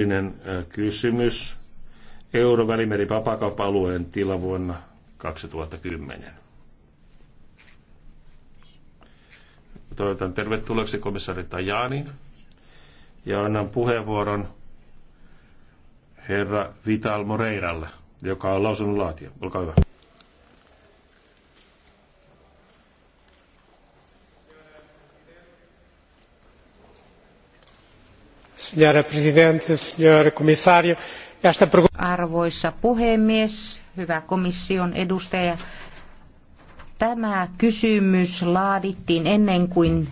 Yinen kysymys. Eurovälimeri vapakauppa-alueen tila vuonna 2010. Toivotan tervetulleeksi komissaari Tajanin ja annan puheenvuoron herra Vital Moreiralle, joka on lausunnonlaatija. Olkaa hyvä. Arvoisa puhemies, hyvä komission edustaja. Tämä kysymys laadittiin ennen kuin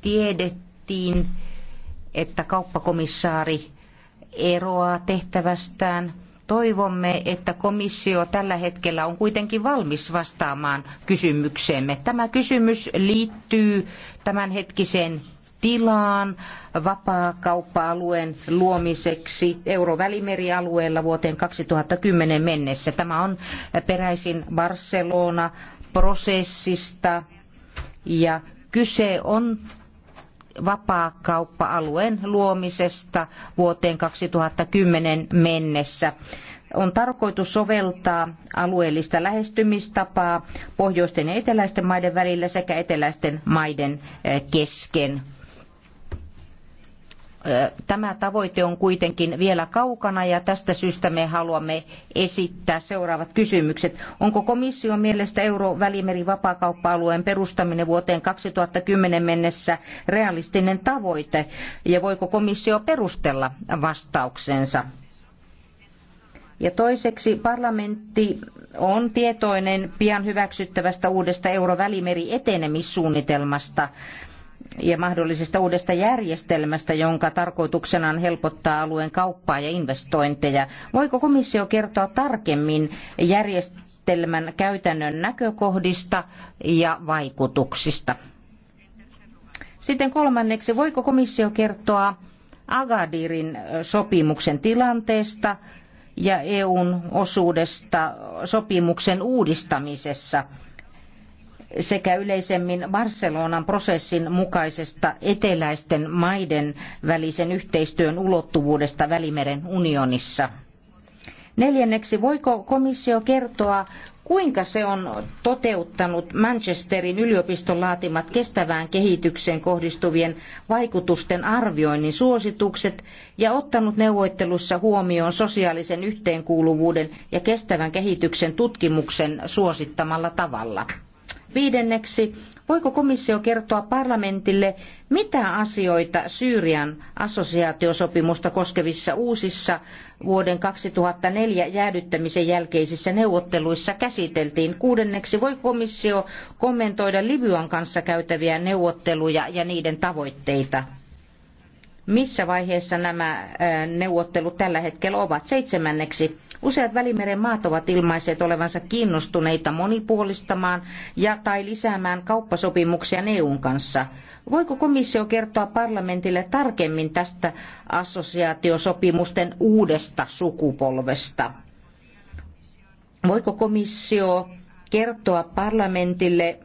tiedettiin, että kauppakomissaari eroaa tehtävästään. Toivomme, että komissio tällä hetkellä on kuitenkin valmis vastaamaan kysymykseemme. Tämä kysymys liittyy tämänhetkiseen tilaan vapaakauppa-alueen luomiseksi Eurovälimerialueella vuoteen 2010 mennessä. Tämä on peräisin Barcelona-prosessista ja kyse on vapaakauppa-alueen luomisesta vuoteen 2010 mennessä on tarkoitus soveltaa alueellista lähestymistapaa pohjoisten ja eteläisten maiden välillä sekä eteläisten maiden eh, kesken. Tämä tavoite on kuitenkin vielä kaukana ja tästä syystä me haluamme esittää seuraavat kysymykset. Onko komission mielestä Euro-välimeri vapaakauppa-alueen perustaminen vuoteen 2010 mennessä realistinen tavoite ja voiko komissio perustella vastauksensa? Ja toiseksi parlamentti on tietoinen pian hyväksyttävästä uudesta välimeri etenemissuunnitelmasta ja mahdollisesta uudesta järjestelmästä, jonka tarkoituksena on helpottaa alueen kauppaa ja investointeja. Voiko komissio kertoa tarkemmin järjestelmän käytännön näkökohdista ja vaikutuksista? Sitten kolmanneksi, voiko komissio kertoa Agadirin sopimuksen tilanteesta ja EUn osuudesta sopimuksen uudistamisessa – sekä yleisemmin Barcelonan prosessin mukaisesta eteläisten maiden välisen yhteistyön ulottuvuudesta Välimeren unionissa. Neljänneksi, voiko komissio kertoa, kuinka se on toteuttanut Manchesterin yliopiston laatimat kestävään kehitykseen kohdistuvien vaikutusten arvioinnin suositukset ja ottanut neuvottelussa huomioon sosiaalisen yhteenkuuluvuuden ja kestävän kehityksen tutkimuksen suosittamalla tavalla. Viidenneksi, voiko komissio kertoa parlamentille, mitä asioita Syyrian assosiaatiosopimusta koskevissa uusissa vuoden 2004 jäädyttämisen jälkeisissä neuvotteluissa käsiteltiin? Kuudenneksi, voi komissio kommentoida Libyan kanssa käytäviä neuvotteluja ja niiden tavoitteita? missä vaiheessa nämä neuvottelut tällä hetkellä ovat. Seitsemänneksi, useat Välimeren maat ovat ilmaiseet olevansa kiinnostuneita monipuolistamaan ja tai lisäämään kauppasopimuksia EUn kanssa. Voiko komissio kertoa parlamentille tarkemmin tästä assosiaatiosopimusten uudesta sukupolvesta? Voiko komissio kertoa parlamentille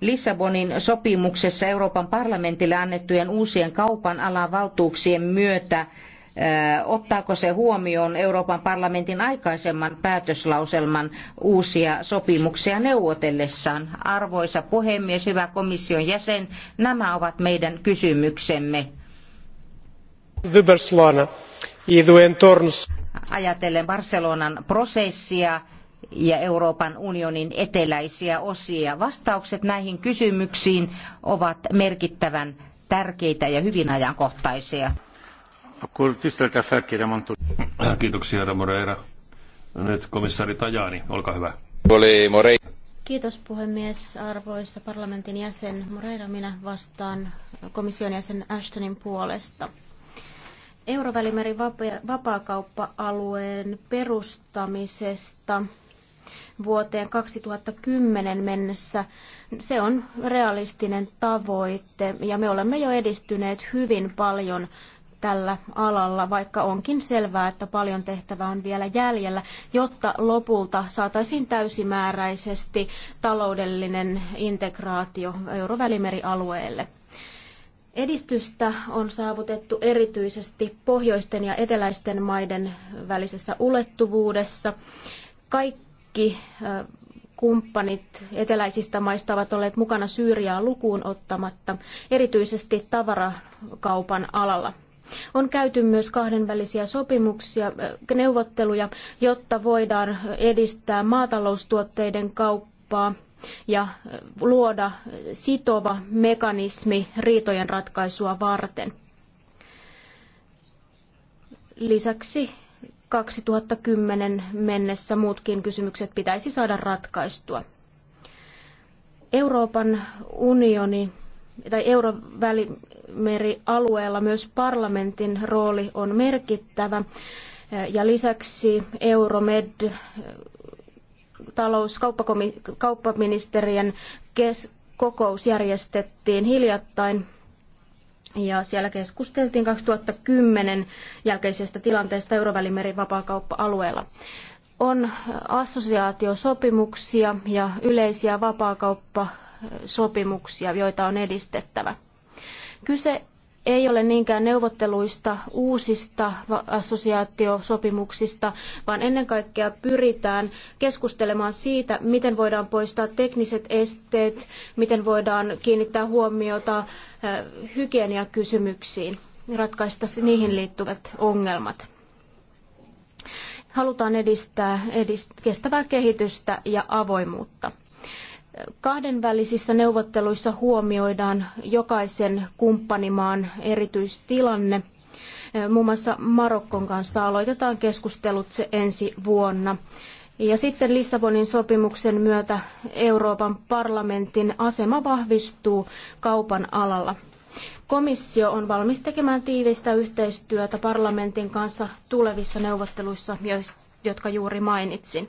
Lissabonin sopimuksessa Euroopan parlamentille annettujen uusien kaupan alan valtuuksien myötä ottaako se huomioon Euroopan parlamentin aikaisemman päätöslauselman uusia sopimuksia neuvotellessaan? Arvoisa puhemies, hyvä komission jäsen, nämä ovat meidän kysymyksemme. Barcelona. Ajatellen Barcelonan prosessia ja Euroopan unionin eteläisiä osia. Vastaukset näihin kysymyksiin ovat merkittävän tärkeitä ja hyvin ajankohtaisia. Kiitoksia, herra Moreira. Nyt komissaari Tajani, olkaa hyvä. Kiitos puhemies, arvoisa parlamentin jäsen Moreira. Minä vastaan komission jäsen Ashtonin puolesta. Eurovälimerin vapaakauppa-alueen perustamisesta vuoteen 2010 mennessä. Se on realistinen tavoite ja me olemme jo edistyneet hyvin paljon tällä alalla, vaikka onkin selvää, että paljon tehtävää on vielä jäljellä, jotta lopulta saataisiin täysimääräisesti taloudellinen integraatio Eurovälimerialueelle. Edistystä on saavutettu erityisesti pohjoisten ja eteläisten maiden välisessä ulottuvuudessa. Kaikki kaikki kumppanit eteläisistä maista ovat olleet mukana Syyriaa lukuun ottamatta, erityisesti tavarakaupan alalla. On käyty myös kahdenvälisiä sopimuksia, neuvotteluja, jotta voidaan edistää maataloustuotteiden kauppaa ja luoda sitova mekanismi riitojen ratkaisua varten. Lisäksi 2010 mennessä muutkin kysymykset pitäisi saada ratkaistua. Euroopan unioni tai eurovälimerialueella myös parlamentin rooli on merkittävä. Ja lisäksi Euromed talous- kauppaministerien kes- kokous järjestettiin hiljattain ja siellä keskusteltiin 2010 jälkeisestä tilanteesta Eurovälimerin vapaakauppa-alueella. On assosiaatiosopimuksia ja yleisiä vapaakauppasopimuksia, joita on edistettävä. Kyse ei ole niinkään neuvotteluista uusista assosiaatiosopimuksista, vaan ennen kaikkea pyritään keskustelemaan siitä, miten voidaan poistaa tekniset esteet, miten voidaan kiinnittää huomiota hygieniakysymyksiin, ratkaista niihin liittyvät ongelmat halutaan edistää, edist, kestävää kehitystä ja avoimuutta. Kahdenvälisissä neuvotteluissa huomioidaan jokaisen kumppanimaan erityistilanne. Muun muassa Marokkon kanssa aloitetaan keskustelut ensi vuonna. Ja sitten Lissabonin sopimuksen myötä Euroopan parlamentin asema vahvistuu kaupan alalla. Komissio on valmis tekemään tiivistä yhteistyötä parlamentin kanssa tulevissa neuvotteluissa, jotka juuri mainitsin.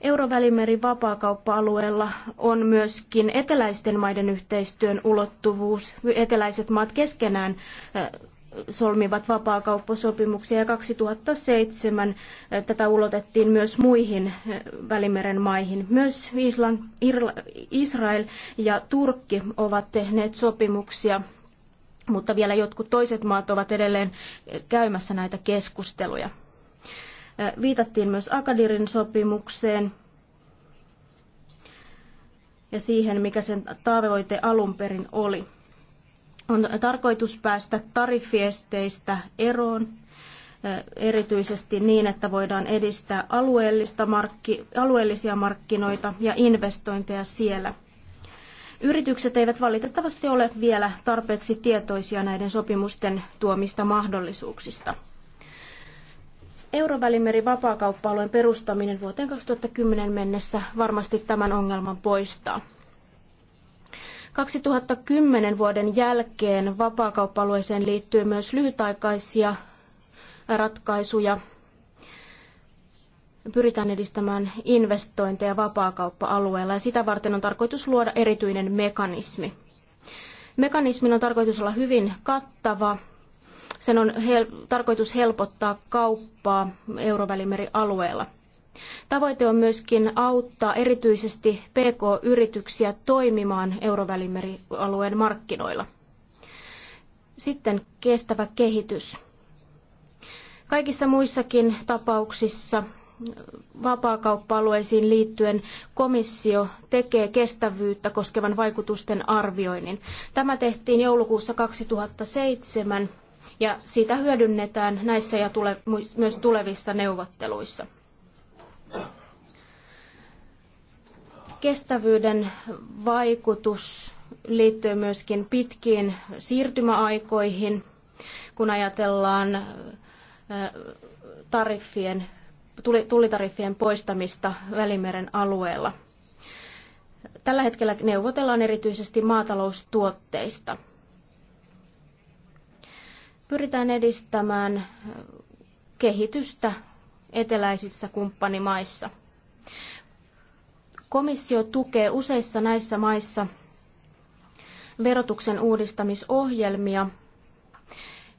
Eurovälimerin vapaakauppa-alueella on myöskin eteläisten maiden yhteistyön ulottuvuus. Eteläiset maat keskenään solmivat vapaakauppasopimuksia ja 2007 tätä ulotettiin myös muihin Välimeren maihin. Myös Israel ja Turkki ovat tehneet sopimuksia, mutta vielä jotkut toiset maat ovat edelleen käymässä näitä keskusteluja. Viitattiin myös Akadirin sopimukseen ja siihen, mikä sen tavoite alun perin oli. On tarkoitus päästä tarifiesteistä eroon, erityisesti niin, että voidaan edistää alueellista markki, alueellisia markkinoita ja investointeja siellä. Yritykset eivät valitettavasti ole vielä tarpeeksi tietoisia näiden sopimusten tuomista mahdollisuuksista. Eurovälimeri vapaakauppa-alueen perustaminen vuoteen 2010 mennessä varmasti tämän ongelman poistaa. 2010 vuoden jälkeen vapaakauppa-alueeseen liittyy myös lyhytaikaisia ratkaisuja. Pyritään edistämään investointeja vapaakauppa-alueella ja sitä varten on tarkoitus luoda erityinen mekanismi. Mekanismin on tarkoitus olla hyvin kattava sen on hel- tarkoitus helpottaa kauppaa Eurovälimeri-alueella. Tavoite on myöskin auttaa erityisesti PK-yrityksiä toimimaan Eurovälimeri-alueen markkinoilla. Sitten kestävä kehitys. Kaikissa muissakin tapauksissa vapaakauppa-alueisiin liittyen komissio tekee kestävyyttä koskevan vaikutusten arvioinnin. Tämä tehtiin joulukuussa 2007 ja sitä hyödynnetään näissä ja tule, myös tulevissa neuvotteluissa. Kestävyyden vaikutus liittyy myöskin pitkiin siirtymäaikoihin, kun ajatellaan tariffien, tullitariffien poistamista Välimeren alueella. Tällä hetkellä neuvotellaan erityisesti maataloustuotteista – pyritään edistämään kehitystä eteläisissä kumppanimaissa. Komissio tukee useissa näissä maissa verotuksen uudistamisohjelmia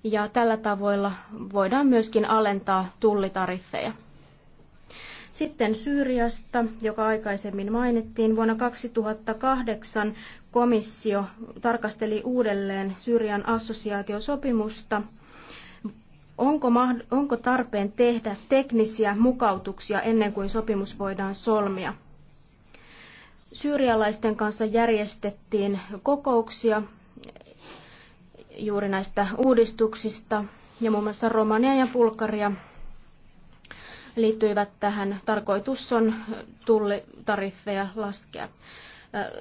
ja tällä tavoilla voidaan myöskin alentaa tullitariffeja. Sitten Syyriasta, joka aikaisemmin mainittiin, vuonna 2008 komissio tarkasteli uudelleen Syyrian assosiaatiosopimusta. Onko, onko tarpeen tehdä teknisiä mukautuksia ennen kuin sopimus voidaan solmia? Syyrialaisten kanssa järjestettiin kokouksia juuri näistä uudistuksista ja muun muassa Romania ja Bulgaria liittyivät tähän. Tarkoitus on tullitariffeja laskea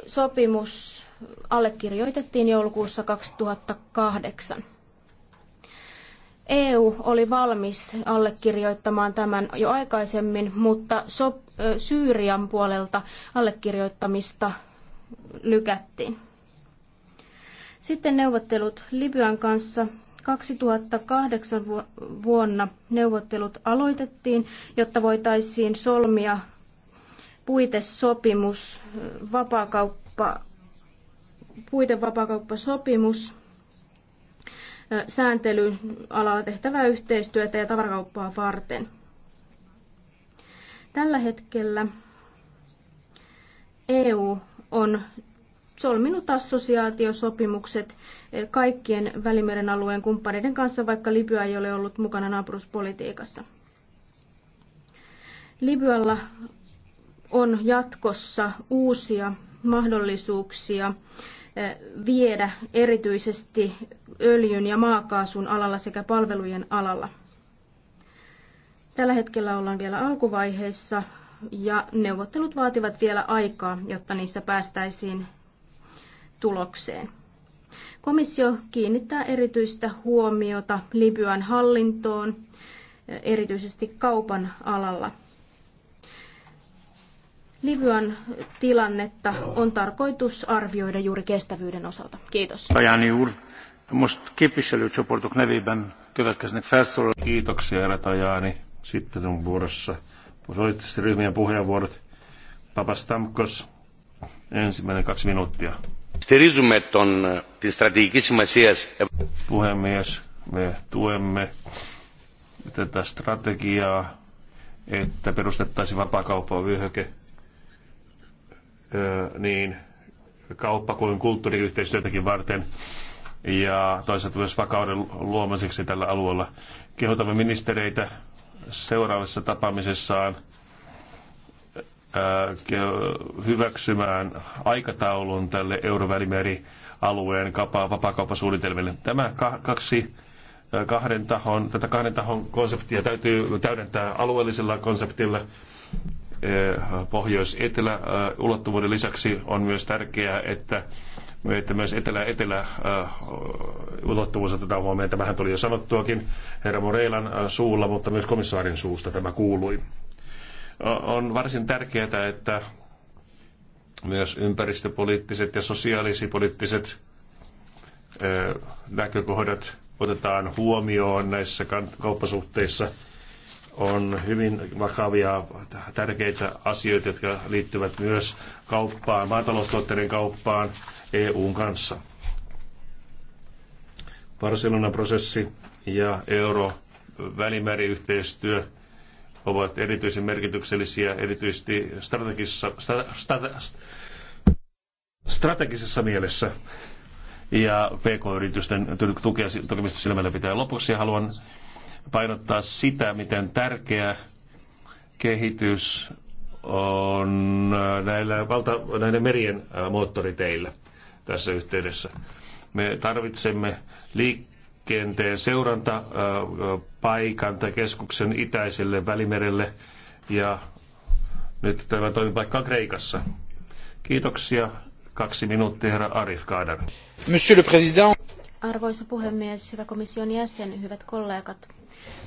sopimus allekirjoitettiin joulukuussa 2008. EU oli valmis allekirjoittamaan tämän jo aikaisemmin, mutta Syyrian puolelta allekirjoittamista lykättiin. Sitten neuvottelut Libyan kanssa 2008 vuonna neuvottelut aloitettiin, jotta voitaisiin solmia puitesopimus, vapaakauppa, puitevapaakauppasopimus, sääntelyalaa tehtävää yhteistyötä ja tavarakauppaa varten. Tällä hetkellä EU on solminut assosiaatiosopimukset kaikkien Välimeren alueen kumppaneiden kanssa, vaikka Libya ei ole ollut mukana naapuruspolitiikassa. Libyalla on jatkossa uusia mahdollisuuksia eh, viedä erityisesti öljyn ja maakaasun alalla sekä palvelujen alalla. Tällä hetkellä ollaan vielä alkuvaiheessa ja neuvottelut vaativat vielä aikaa, jotta niissä päästäisiin tulokseen. Komissio kiinnittää erityistä huomiota Libyan hallintoon, eh, erityisesti kaupan alalla. Libyan tilannetta on tarkoitus arvioida juuri kestävyyden osalta. Kiitos. Tajani úr, most képviselőcsoportok nevében következnek felszólalók. Kiitoksia, herra Tajani. Sitten on vuorossa poliittisten ryhmien puheenvuorot. Papastamkos, ensimmäinen kaksi minuuttia. Στηρίζουμε τον, την Puhemies, me tuemme tätä strategiaa, että perustettaisiin vapaakauppavyöhyke niin kauppa- kuin kulttuuriyhteistyötäkin varten ja toisaalta myös vakauden luomiseksi tällä alueella. Kehotamme ministereitä seuraavassa tapaamisessaan hyväksymään aikataulun tälle Eurovälimeri-alueen vapaakauppasuunnitelmille. Tämä kaksi kahden tahon, tätä kahden tahon konseptia täytyy täydentää alueellisella konseptilla Eh, pohjois-etelä-ulottuvuuden eh, lisäksi on myös tärkeää, että että myös etelä-etelä-ulottuvuus eh, otetaan huomioon. Tämähän tuli jo sanottuakin herra Moreilan suulla, mutta myös komissaarin suusta tämä kuului. On varsin tärkeää, että myös ympäristöpoliittiset ja sosiaalisipoliittiset näkökohdat otetaan huomioon näissä kauppasuhteissa – on hyvin vakavia, tärkeitä asioita, jotka liittyvät myös kauppaan, maataloustuotteiden kauppaan EUn kanssa. Barcelonan prosessi ja euro välimeriyhteistyö ovat erityisen merkityksellisiä erityisesti strategisessa, sta, sta, strategisessa mielessä ja pk-yritysten tukemista silmällä pitää. Lopuksi haluan painottaa sitä, miten tärkeä kehitys on näillä valta, näiden merien moottoriteillä tässä yhteydessä. Me tarvitsemme liikenteen seurantapaikan tai keskuksen itäiselle välimerelle ja nyt tämä toimipaikka on Kreikassa. Kiitoksia. Kaksi minuuttia, herra Arif Kaadar. Monsieur le Président. Arvoisa puhemies, hyvä komission jäsen, hyvät kollegat.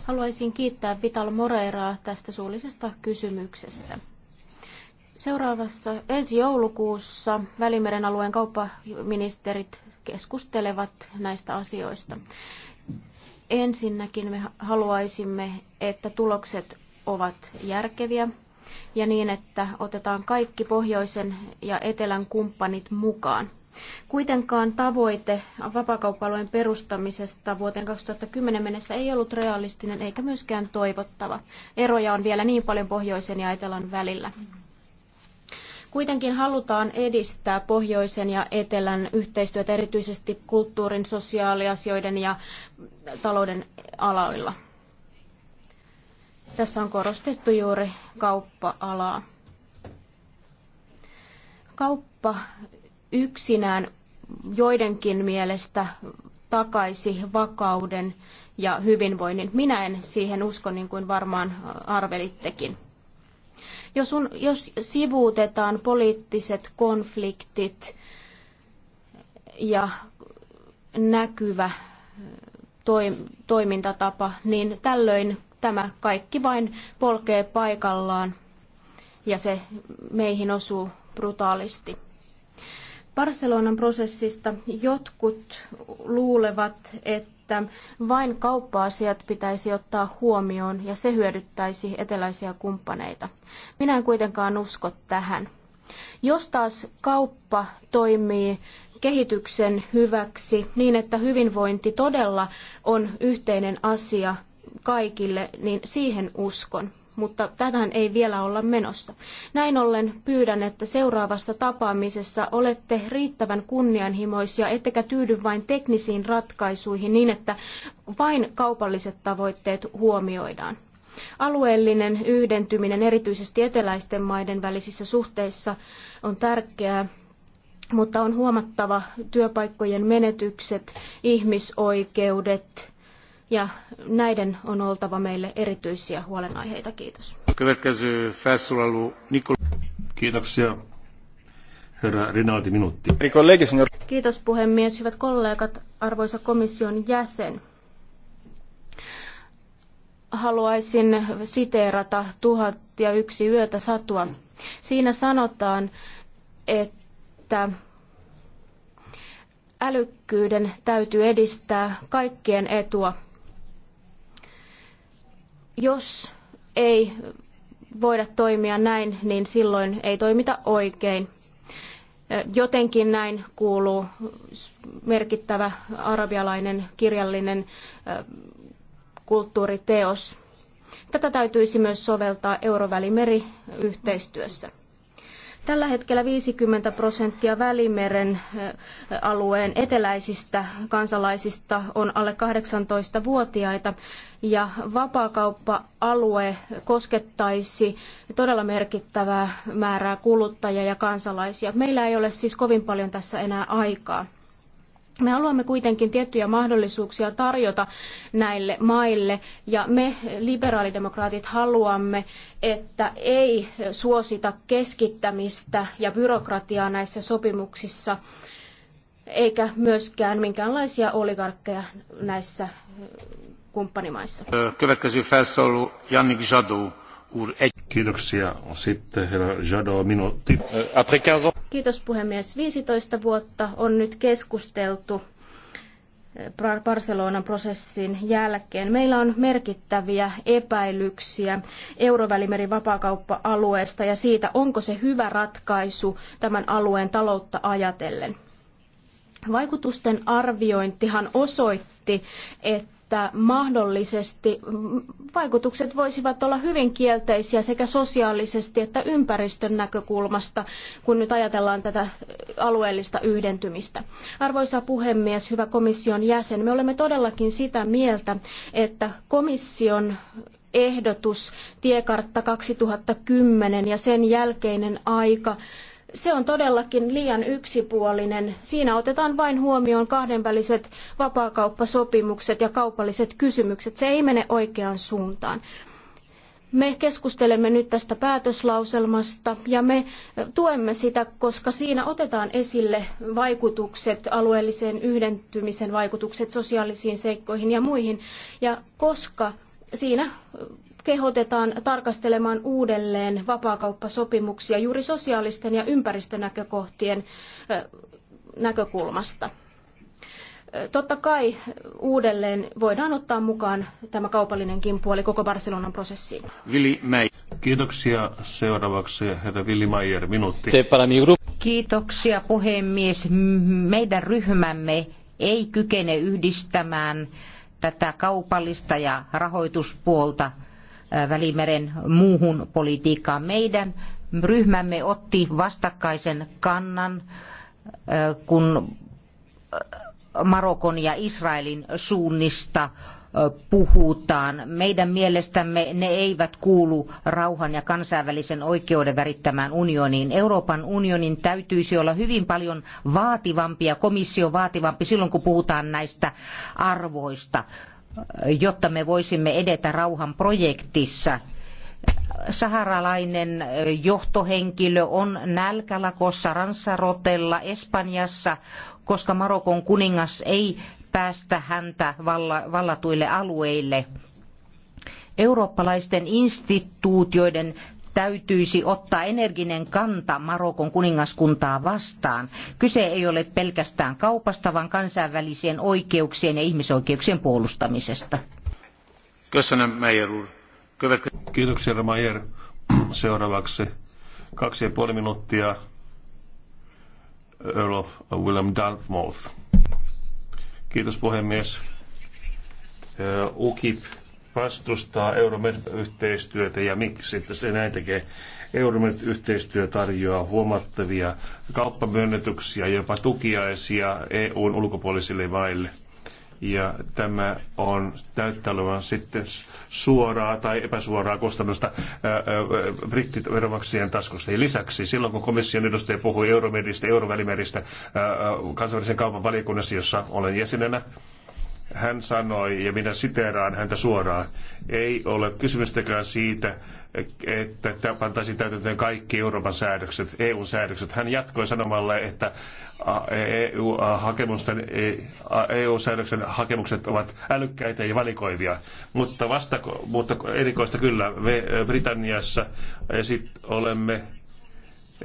Haluaisin kiittää Vital Moreiraa tästä suullisesta kysymyksestä. Seuraavassa ensi joulukuussa Välimeren alueen kauppaministerit keskustelevat näistä asioista. Ensinnäkin me haluaisimme, että tulokset ovat järkeviä ja niin, että otetaan kaikki pohjoisen ja etelän kumppanit mukaan. Kuitenkaan tavoite vapakauppa perustamisesta vuoteen 2010 mennessä ei ollut realistinen eikä myöskään toivottava. Eroja on vielä niin paljon pohjoisen ja etelän välillä. Kuitenkin halutaan edistää pohjoisen ja etelän yhteistyötä erityisesti kulttuurin, sosiaaliasioiden ja talouden aloilla. Tässä on korostettu juuri kauppa-alaa. Kauppa yksinään joidenkin mielestä takaisi vakauden ja hyvinvoinnin. Minä en siihen usko, niin kuin varmaan arvelittekin. Jos, un, jos sivuutetaan poliittiset konfliktit ja näkyvä toi, toimintatapa, niin tällöin tämä kaikki vain polkee paikallaan ja se meihin osuu brutaalisti. Barcelonan prosessista jotkut luulevat, että vain kauppa-asiat pitäisi ottaa huomioon ja se hyödyttäisi eteläisiä kumppaneita. Minä en kuitenkaan usko tähän. Jos taas kauppa toimii kehityksen hyväksi niin, että hyvinvointi todella on yhteinen asia kaikille, niin siihen uskon mutta tähän ei vielä olla menossa. Näin ollen pyydän, että seuraavassa tapaamisessa olette riittävän kunnianhimoisia, ettekä tyydy vain teknisiin ratkaisuihin niin, että vain kaupalliset tavoitteet huomioidaan. Alueellinen yhdentyminen erityisesti eteläisten maiden välisissä suhteissa on tärkeää, mutta on huomattava työpaikkojen menetykset, ihmisoikeudet, ja näiden on oltava meille erityisiä huolenaiheita. Kiitos. Kiitoksia. Herra Rinaldi, minuutti. Kiitos puhemies, hyvät kollegat, arvoisa komission jäsen. Haluaisin siteerata tuhat ja yksi yötä satua. Siinä sanotaan, että älykkyyden täytyy edistää kaikkien etua jos ei voida toimia näin, niin silloin ei toimita oikein. Jotenkin näin kuuluu merkittävä arabialainen kirjallinen kulttuuriteos. Tätä täytyisi myös soveltaa Eurovälimeri-yhteistyössä. Tällä hetkellä 50 prosenttia Välimeren alueen eteläisistä kansalaisista on alle 18-vuotiaita ja vapaakauppa-alue koskettaisi todella merkittävää määrää kuluttajia ja kansalaisia. Meillä ei ole siis kovin paljon tässä enää aikaa. Me haluamme kuitenkin tiettyjä mahdollisuuksia tarjota näille maille ja me liberaalidemokraatit haluamme, että ei suosita keskittämistä ja byrokratiaa näissä sopimuksissa eikä myöskään minkäänlaisia oligarkkeja näissä kumppanimaissa. Kiitoksia. Kiitos puhemies. 15 vuotta on nyt keskusteltu Barcelonan prosessin jälkeen. Meillä on merkittäviä epäilyksiä Eurovälimerin vapaakauppa-alueesta ja siitä, onko se hyvä ratkaisu tämän alueen taloutta ajatellen. Vaikutusten arviointihan osoitti, että että mahdollisesti vaikutukset voisivat olla hyvin kielteisiä sekä sosiaalisesti että ympäristön näkökulmasta, kun nyt ajatellaan tätä alueellista yhdentymistä. Arvoisa puhemies, hyvä komission jäsen, me olemme todellakin sitä mieltä, että komission ehdotus Tiekartta 2010 ja sen jälkeinen aika se on todellakin liian yksipuolinen. Siinä otetaan vain huomioon kahdenväliset vapaakauppasopimukset ja kaupalliset kysymykset. Se ei mene oikeaan suuntaan. Me keskustelemme nyt tästä päätöslauselmasta ja me tuemme sitä, koska siinä otetaan esille vaikutukset alueelliseen yhdentymisen vaikutukset sosiaalisiin seikkoihin ja muihin. Ja koska siinä kehotetaan tarkastelemaan uudelleen vapaakauppasopimuksia juuri sosiaalisten ja ympäristönäkökohtien näkökulmasta. Totta kai uudelleen voidaan ottaa mukaan tämä kaupallinenkin puoli koko Barcelonan prosessiin. Vili Mäi. Kiitoksia. Seuraavaksi herra Vili Maier, minuutti. Kiitoksia puhemies. Meidän ryhmämme ei kykene yhdistämään tätä kaupallista ja rahoituspuolta Äh, Välimeren muuhun politiikkaan. Meidän ryhmämme otti vastakkaisen kannan, äh, kun äh, Marokon ja Israelin suunnista puhutaan. Meidän mielestämme ne eivät kuulu rauhan ja kansainvälisen oikeuden värittämään unioniin. Euroopan unionin täytyisi olla hyvin paljon vaativampi ja komissio vaativampi silloin, kun puhutaan näistä arvoista jotta me voisimme edetä rauhan projektissa. Saharalainen johtohenkilö on nälkälakossa Ransarotella Espanjassa, koska Marokon kuningas ei päästä häntä vallatuille alueille eurooppalaisten instituutioiden täytyisi ottaa energinen kanta Marokon kuningaskuntaa vastaan. Kyse ei ole pelkästään kaupasta, vaan kansainvälisien oikeuksien ja ihmisoikeuksien puolustamisesta. Kiitoksia, Meijer. Seuraavaksi kaksi ja puoli minuuttia Earl of William Dartmouth. Kiitos puhemies. UKIP vastustaa Euromed-yhteistyötä ja miksi että se näin tekee. Euromed-yhteistyö tarjoaa huomattavia kauppamyönnetyksiä, jopa tukiaisia EUn ulkopuolisille maille. Ja tämä on täyttävän sitten suoraa tai epäsuoraa kustannusta brittiveronmaksajien taskusta. Ja lisäksi silloin, kun komission edustaja puhui Euromedistä, Eurovälimeristä kansainvälisen kaupan valiokunnassa, jossa olen jäsenenä, hän sanoi, ja minä siteeraan häntä suoraan, ei ole kysymystäkään siitä, että pantaisiin täytäntöön kaikki Euroopan säädökset, EU-säädökset. Hän jatkoi sanomalla, että e, EU-hakemusten, EU-säädöksen e hakemukset ovat älykkäitä ja valikoivia. Mutta, vasta, mutta erikoista kyllä, me Britanniassa sit olemme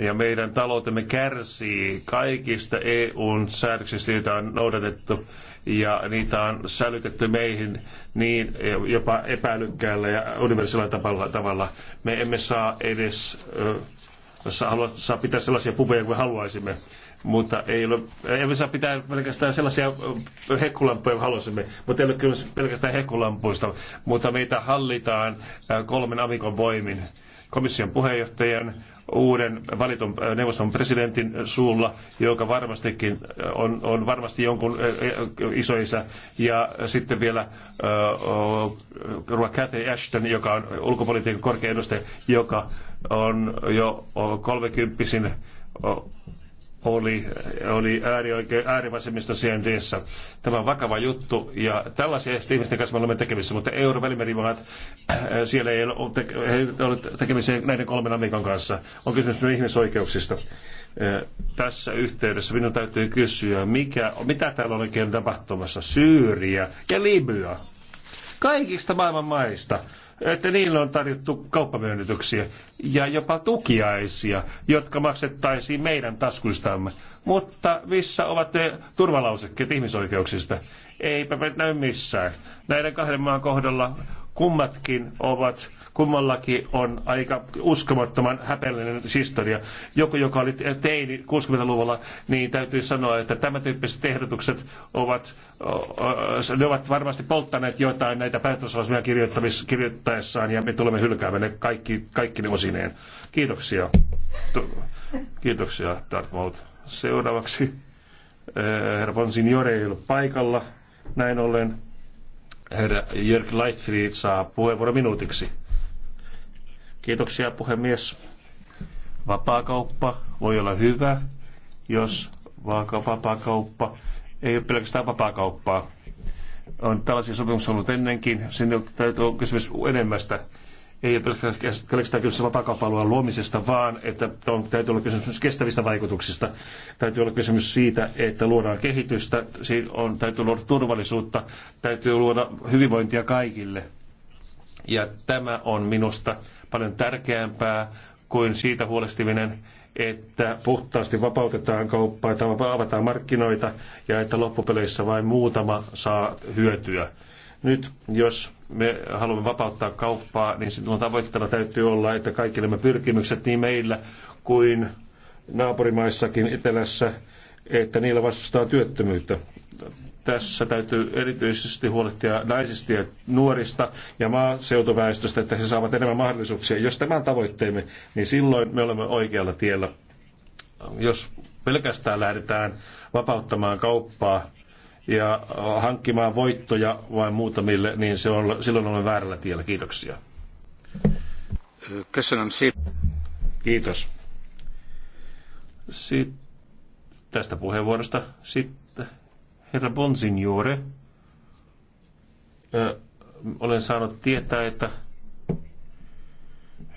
ja meidän taloutemme kärsii kaikista EUn säädöksistä, joita on noudatettu ja niitä on sälytetty meihin niin e, jopa epäilykkäällä ja universaalilla tavalla, tavalla. Me emme saa edes halua, saa pitää sellaisia pupeja kuin haluaisimme, mutta ei ole, emme saa pitää pelkästään sellaisia hekkulampuja kuin haluaisimme, mutta ei ole kyllä pelkästään hekkulampuista, mutta meitä hallitaan kolmen avikon voimin komission puheenjohtajan uuden valitun äh, neuvoston presidentin suulla, joka varmastikin äh, on, on varmasti jonkun äh, isoisä. Ja sitten vielä Rua Cathy Ashton, joka on ulkopolitiikan korkea edustaja, joka on jo kolmekymppisin oli, oli äärioike, äärivasemmisto CNDssä. Tämä on vakava juttu ja tällaisia ihmisten kanssa me olemme tekemisissä, mutta välimerivaat äh, siellä ei ole, tekemisissä tekemisiä näiden kolmen amikon kanssa. On kysymys myös ihmisoikeuksista. Äh, tässä yhteydessä minun täytyy kysyä, mikä, mitä täällä on oikein tapahtumassa? Syyriä ja Libya. Kaikista maailman maista että niille on tarjottu kauppamyönnytyksiä ja jopa tukiaisia, jotka maksettaisiin meidän taskuistamme. Mutta missä ovat ne turvalausekkeet ihmisoikeuksista? Eipä näy missään. Näiden kahden maan kohdalla kummatkin ovat kummallakin on aika uskomattoman häpeällinen historia. Joku, joka oli teini 60-luvulla, niin täytyy sanoa, että tämä tyyppiset ehdotukset ovat, ne ovat varmasti polttaneet joitain näitä päätösosmia kirjoittaessaan, ja me tulemme hylkäämään ne kaikki, kaikki ne osineen. Kiitoksia. Kiitoksia, Dartmouth. Seuraavaksi eh, herra Bonsignore ei ollut paikalla. Näin ollen Herra Jörg Leitfried saa minuutiksi. Kiitoksia puhemies. Vapaakauppa voi olla hyvä, jos vapaakauppa ei ole pelkästään vapaakauppaa. On tällaisia sopimuksia ollut ennenkin. Sinne täytyy olla kysymys enemmästä ei ole pelkästään kysymys vapaakauppa-alueen luomisesta, vaan että on, täytyy olla kysymys myös kestävistä vaikutuksista. Täytyy olla kysymys siitä, että luodaan kehitystä, siinä on, täytyy luoda turvallisuutta, täytyy luoda hyvinvointia kaikille. Ja tämä on minusta paljon tärkeämpää kuin siitä huolestiminen, että puhtaasti vapautetaan kauppaa tai avataan markkinoita ja että loppupeleissä vain muutama saa hyötyä. Nyt jos me haluamme vapauttaa kauppaa, niin silloin tavoitteena täytyy olla, että kaikki nämä pyrkimykset niin meillä kuin naapurimaissakin etelässä, että niillä vastustaa työttömyyttä. Tässä täytyy erityisesti huolehtia naisista ja nuorista ja maaseutuväestöstä, että he saavat enemmän mahdollisuuksia. Jos tämä on tavoitteemme, niin silloin me olemme oikealla tiellä. Jos pelkästään lähdetään vapauttamaan kauppaa, ja äh, hankkimaan voittoja vain muutamille, niin se on, silloin olemme väärällä tiellä. Kiitoksia. Kiitos. Sitten tästä puheenvuorosta. Sitten herra Bonsignore. Ö, olen saanut tietää, että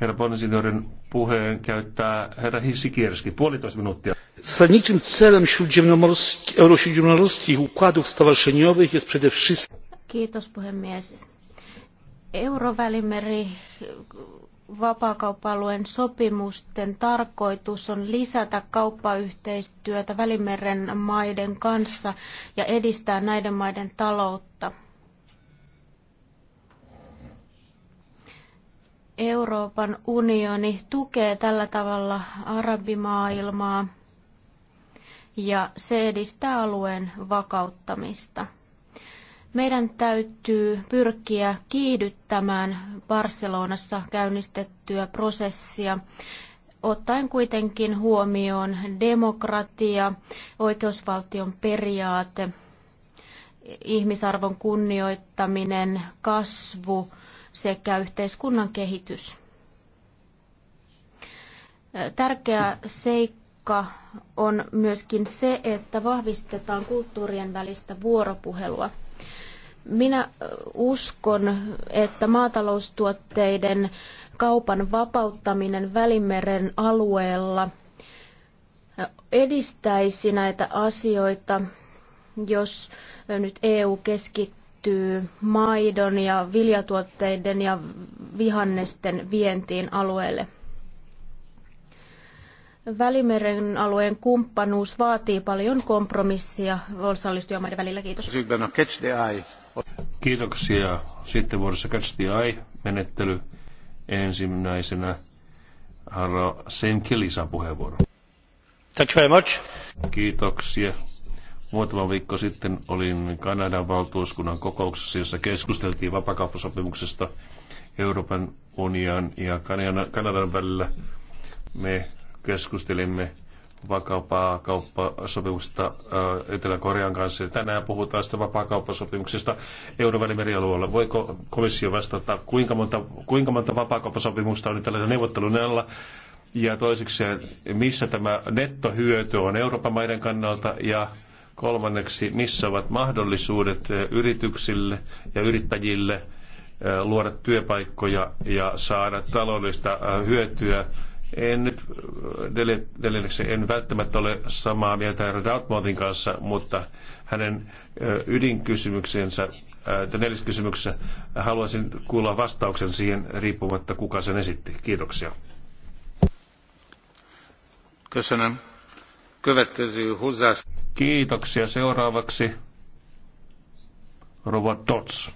herra Bonsignorin puheen käyttää herra Hissikierski. Puolitoista minuuttia. Zasadniczym celem eurośródziemnomorskich układów stowarzyszeniowych jest przede wszystkim... Kiitos puhemies. Eurovälimeri vapaakauppa-alueen sopimusten tarkoitus on lisätä kauppayhteistyötä Välimeren maiden kanssa ja edistää näiden maiden taloutta. Euroopan unioni tukee tällä tavalla arabimaailmaa ja se edistää alueen vakauttamista. Meidän täytyy pyrkiä kiihdyttämään Barcelonassa käynnistettyä prosessia, ottaen kuitenkin huomioon demokratia, oikeusvaltion periaate, ihmisarvon kunnioittaminen, kasvu sekä yhteiskunnan kehitys. Tärkeä seikka on myöskin se, että vahvistetaan kulttuurien välistä vuoropuhelua. Minä uskon, että maataloustuotteiden kaupan vapauttaminen Välimeren alueella edistäisi näitä asioita, jos nyt EU keskittyy liittyy maidon ja viljatuotteiden ja vihannesten vientiin alueelle. Välimeren alueen kumppanuus vaatii paljon kompromissia osallistujamaiden välillä. Kiitos. Kiitoksia. Sitten vuorossa Catch the Eye-menettely. Ensimmäisenä Harro Senkeli saa puheenvuoron. Thank you very much. Kiitoksia. Muutama viikko sitten olin Kanadan valtuuskunnan kokouksessa, jossa keskusteltiin vapakauppasopimuksesta Euroopan union ja Kanadan välillä. Me keskustelimme vakaupaa kauppasopimuksesta äh, Etelä-Korean kanssa. Tänään puhutaan sitä vapaakauppasopimuksesta Euroopan merialueella. Voiko komissio vastata, kuinka monta, kuinka monta vapakauppasopimusta on nyt tällaisen neuvottelun alla? Ja toiseksi, missä tämä nettohyöty on Euroopan maiden kannalta ja Kolmanneksi, missä ovat mahdollisuudet eh, yrityksille ja yrittäjille eh, luoda työpaikkoja ja saada taloudellista eh, hyötyä. En nyt, Deliriksen, en välttämättä ole samaa mieltä herra kanssa, mutta hänen ydinkysymyksensä, neljäs kysymyksessä, haluaisin kuulla vastauksen siihen riippumatta, kuka sen esitti. Kiitoksia. Köszönöm. Következő hozzász... Kiitoksia. Seuraavaksi Rova Dots.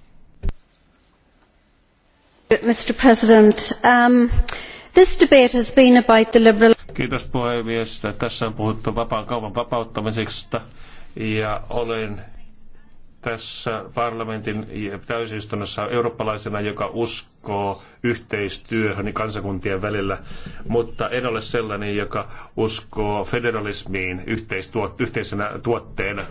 Mr. President, um, this debate has been about the liberal... Kiitos puhemies. Tässä on puhuttu vapaan kaupan vapauttamisesta ja olen tässä parlamentin täysistunnossa eurooppalaisena, joka uskoo yhteistyöhön kansakuntien välillä, mutta en ole sellainen, joka uskoo federalismiin yhteistuot, yhteisenä tuotteena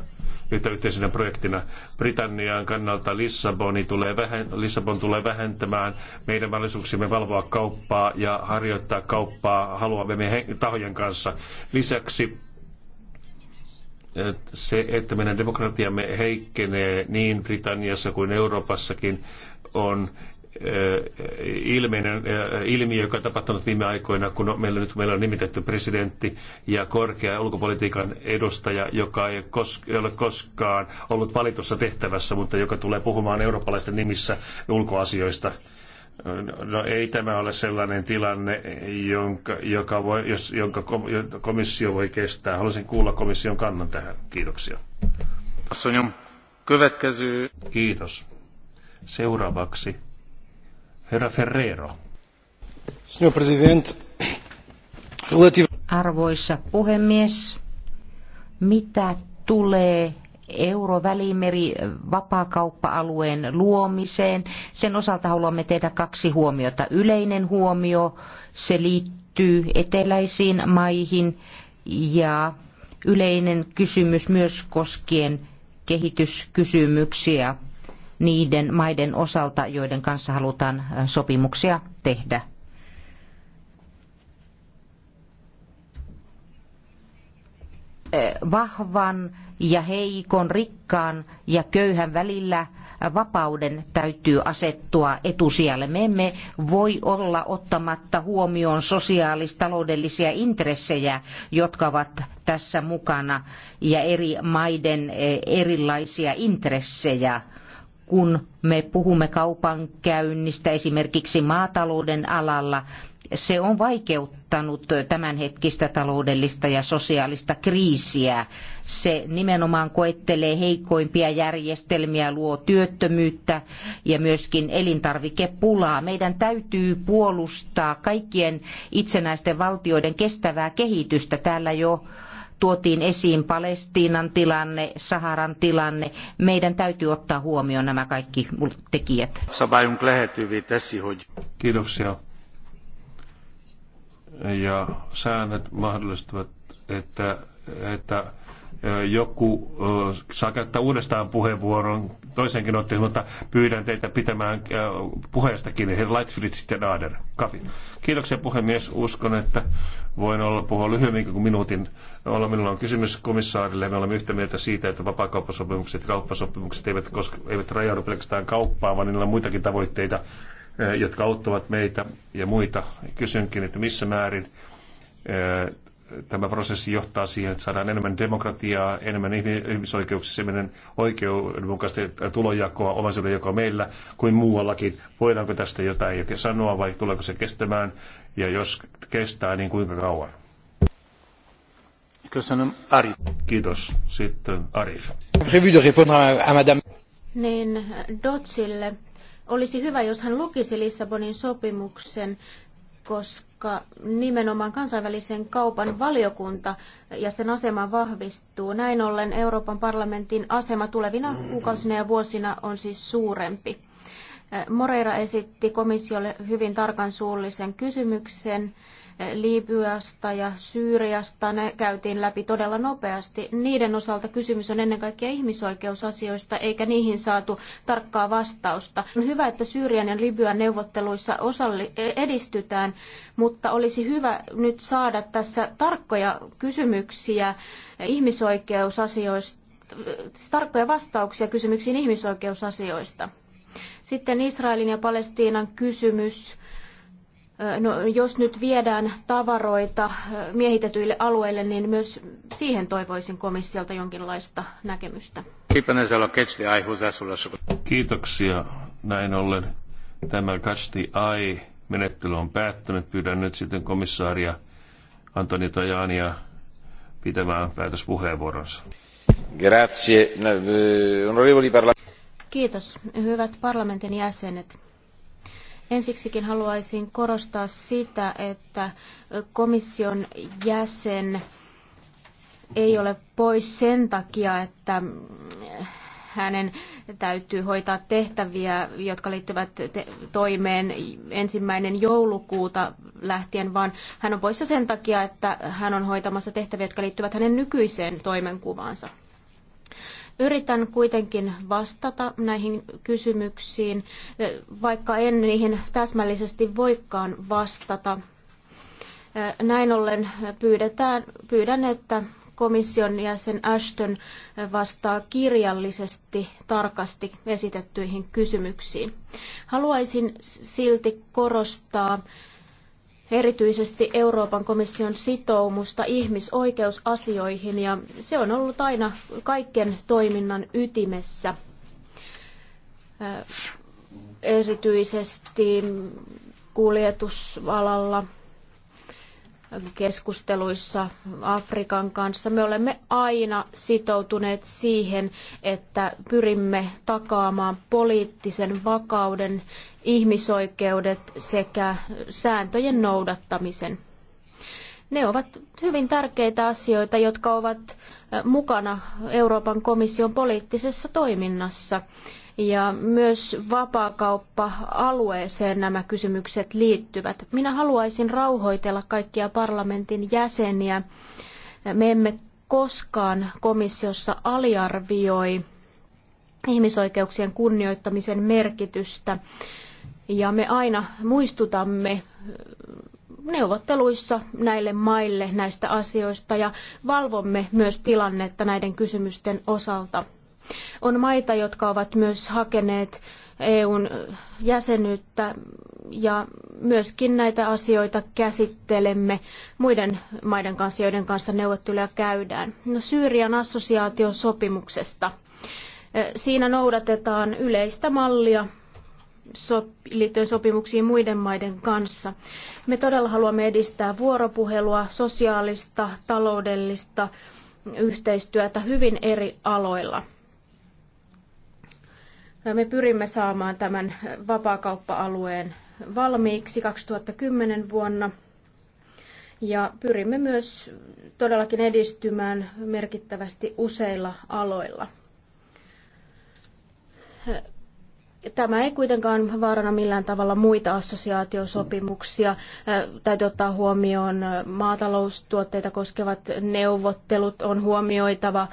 yhtä yhteisenä projektina. Britannian kannalta Lissaboni tulee vähen, Lissabon tulee vähentämään meidän mahdollisuuksiamme valvoa kauppaa ja harjoittaa kauppaa haluamme tahojen kanssa. Lisäksi se, että meidän demokratiamme heikkenee niin Britanniassa kuin Euroopassakin, on eh, ilmeinen eh, ilmiö, joka on tapahtunut viime aikoina, kun meillä, nyt meillä on nimitetty presidentti ja korkea ulkopolitiikan edustaja, joka ei ole koskaan ollut valitussa tehtävässä, mutta joka tulee puhumaan eurooppalaisten nimissä ulkoasioista. No ei tämä ole sellainen tilanne, jonka, joka voi, jos, jonka komissio voi kestää. Haluaisin kuulla komission kannan tähän. Kiitoksia. Kiitos. Seuraavaksi herra Ferrero. Arvoisa puhemies, mitä tulee Eurovälimeri vapaakauppa-alueen luomiseen. Sen osalta haluamme tehdä kaksi huomiota. Yleinen huomio, se liittyy eteläisiin maihin ja yleinen kysymys myös koskien kehityskysymyksiä niiden maiden osalta, joiden kanssa halutaan äh, sopimuksia tehdä. Äh, vahvan ja heikon, rikkaan ja köyhän välillä vapauden täytyy asettua etusijalle. Me emme voi olla ottamatta huomioon sosiaalis-taloudellisia intressejä, jotka ovat tässä mukana, ja eri maiden e, erilaisia intressejä kun me puhumme kaupankäynnistä esimerkiksi maatalouden alalla, se on vaikeuttanut tämänhetkistä taloudellista ja sosiaalista kriisiä. Se nimenomaan koettelee heikoimpia järjestelmiä, luo työttömyyttä ja myöskin elintarvikepulaa. Meidän täytyy puolustaa kaikkien itsenäisten valtioiden kestävää kehitystä. Täällä jo tuotiin esiin Palestiinan tilanne, Saharan tilanne. Meidän täytyy ottaa huomioon nämä kaikki tekijät. Kiitoksia ja säännöt mahdollistavat, että, että joku saa käyttää uudestaan puheenvuoron toisenkin otteen, mutta pyydän teitä pitämään puheesta kiinni. Lightfield sitten Nader, Kafi. Kiitoksia puhemies. Uskon, että voin olla puhua lyhyemmin kuin minuutin. Olla minulla on kysymys komissaarille. Me olemme yhtä mieltä siitä, että vapaakauppasopimukset ja kauppasopimukset eivät, koska, eivät rajaudu pelkästään kauppaan, vaan niillä on muitakin tavoitteita Eh, jotka auttavat meitä ja muita. Kysynkin, että missä määrin eh, tämä prosessi johtaa siihen, että saadaan enemmän demokratiaa, enemmän ihmisoikeuksia, semmoinen oikeudenmukaista tulonjakoa, omaisuuden jakoa meillä kuin muuallakin. Voidaanko tästä jotain sanoa vai tuleeko se kestämään ja jos kestää, niin kuinka kauan? Kiitos. Sitten Arif. Niin, Dotsille olisi hyvä, jos hän lukisi Lissabonin sopimuksen, koska nimenomaan kansainvälisen kaupan valiokunta ja sen asema vahvistuu. Näin ollen Euroopan parlamentin asema tulevina kuukausina ja vuosina on siis suurempi. Moreira esitti komissiolle hyvin tarkan suullisen kysymyksen Libyasta ja Syyriasta, ne käytiin läpi todella nopeasti. Niiden osalta kysymys on ennen kaikkea ihmisoikeusasioista, eikä niihin saatu tarkkaa vastausta. On hyvä, että Syyrian ja Libyan neuvotteluissa osalli, e- edistytään, mutta olisi hyvä nyt saada tässä tarkkoja kysymyksiä ihmisoikeusasioista, tarkkoja vastauksia kysymyksiin ihmisoikeusasioista. Sitten Israelin ja Palestiinan kysymys No, jos nyt viedään tavaroita miehitetyille alueille, niin myös siihen toivoisin komissiolta jonkinlaista näkemystä. Kiitoksia. Näin ollen tämä Catch the Eye-menettely on päättynyt. Pyydän nyt sitten komissaaria Antoni Tajania pitämään päätöspuheenvuoronsa. Grazie. Kiitos, hyvät parlamentin jäsenet. Ensiksikin haluaisin korostaa sitä, että komission jäsen ei ole pois sen takia, että hänen täytyy hoitaa tehtäviä, jotka liittyvät toimeen ensimmäinen joulukuuta lähtien, vaan hän on poissa sen takia, että hän on hoitamassa tehtäviä, jotka liittyvät hänen nykyiseen toimenkuvaansa. Yritän kuitenkin vastata näihin kysymyksiin, eh, vaikka en niihin täsmällisesti voikaan vastata. Eh, näin ollen pyydetään, pyydän, että komission jäsen Ashton vastaa kirjallisesti tarkasti esitettyihin kysymyksiin. Haluaisin silti korostaa, erityisesti Euroopan komission sitoumusta ihmisoikeusasioihin ja se on ollut aina kaiken toiminnan ytimessä. Erityisesti kuljetusalalla keskusteluissa Afrikan kanssa. Me olemme aina sitoutuneet siihen, että pyrimme takaamaan poliittisen vakauden, ihmisoikeudet sekä sääntöjen noudattamisen. Ne ovat hyvin tärkeitä asioita, jotka ovat mukana Euroopan komission poliittisessa toiminnassa ja myös vapaakauppa-alueeseen nämä kysymykset liittyvät. Minä haluaisin rauhoitella kaikkia parlamentin jäseniä. Me emme koskaan komissiossa aliarvioi ihmisoikeuksien kunnioittamisen merkitystä. Ja me aina muistutamme neuvotteluissa näille maille näistä asioista ja valvomme myös tilannetta näiden kysymysten osalta. On maita, jotka ovat myös hakeneet EUn jäsenyyttä ja myöskin näitä asioita käsittelemme muiden maiden kanssa, joiden kanssa neuvotteluja käydään. No, Syyrian assosiaatiosopimuksesta. Siinä noudatetaan yleistä mallia liittyen sopimuksiin muiden maiden kanssa. Me todella haluamme edistää vuoropuhelua, sosiaalista, taloudellista yhteistyötä hyvin eri aloilla – me pyrimme saamaan tämän vapaakauppa-alueen valmiiksi 2010 vuonna ja pyrimme myös todellakin edistymään merkittävästi useilla aloilla. Tämä ei kuitenkaan vaarana millään tavalla muita assosiaatiosopimuksia. Täytyy ottaa huomioon maataloustuotteita koskevat neuvottelut, on huomioitava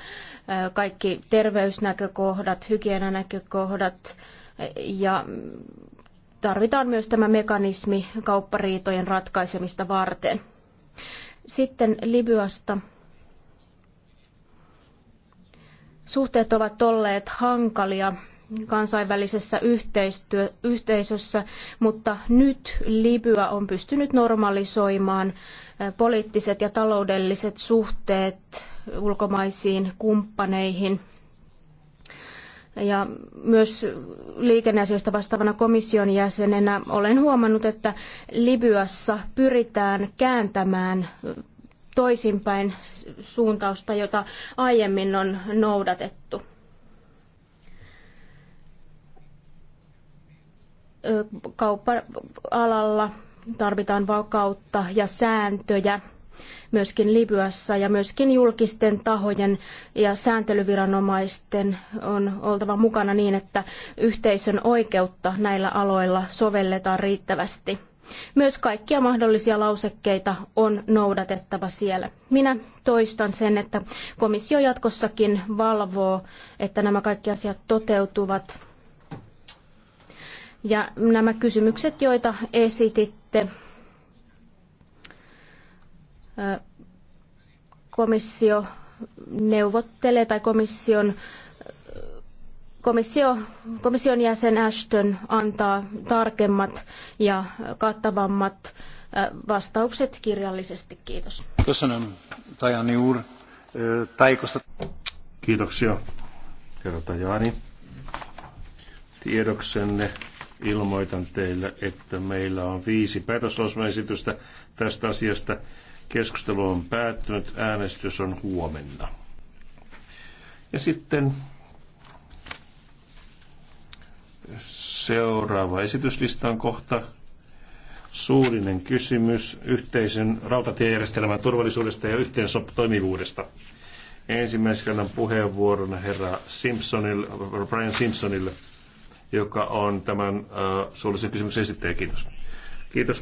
kaikki terveysnäkökohdat, hygienanäkökohdat ja tarvitaan myös tämä mekanismi kauppariitojen ratkaisemista varten. Sitten Libyasta. Suhteet ovat olleet hankalia kansainvälisessä yhteisössä, mutta nyt Libya on pystynyt normalisoimaan poliittiset ja taloudelliset suhteet ulkomaisiin kumppaneihin. Ja myös liikenneasioista vastaavana komission jäsenenä olen huomannut, että Libyassa pyritään kääntämään toisinpäin suuntausta, jota aiemmin on noudatettu. kauppa-alalla tarvitaan vakautta ja sääntöjä myöskin Libyassa ja myöskin julkisten tahojen ja sääntelyviranomaisten on oltava mukana niin, että yhteisön oikeutta näillä aloilla sovelletaan riittävästi. Myös kaikkia mahdollisia lausekkeita on noudatettava siellä. Minä toistan sen, että komissio jatkossakin valvoo, että nämä kaikki asiat toteutuvat ja nämä kysymykset, joita esititte komissio neuvottelee tai komission, komissio, komission jäsen Ashton antaa tarkemmat ja kattavammat vastaukset kirjallisesti. Kiitos. Kiitoksia, Kerrotaan Jaani. Tiedoksenne Ilmoitan teille, että meillä on viisi päätöslausumaesitystä tästä asiasta. Keskustelu on päättynyt, äänestys on huomenna. Ja sitten seuraava esityslistan kohta. suurinen kysymys yhteisen rautatiejärjestelmän turvallisuudesta ja yhteensopivuudesta. Ensimmäisenä puheenvuoron herra Simpsonille, Brian Simpsonille joka on tämän äh, suullisen kysymyksen esittäjä. Kiitos. Kiitos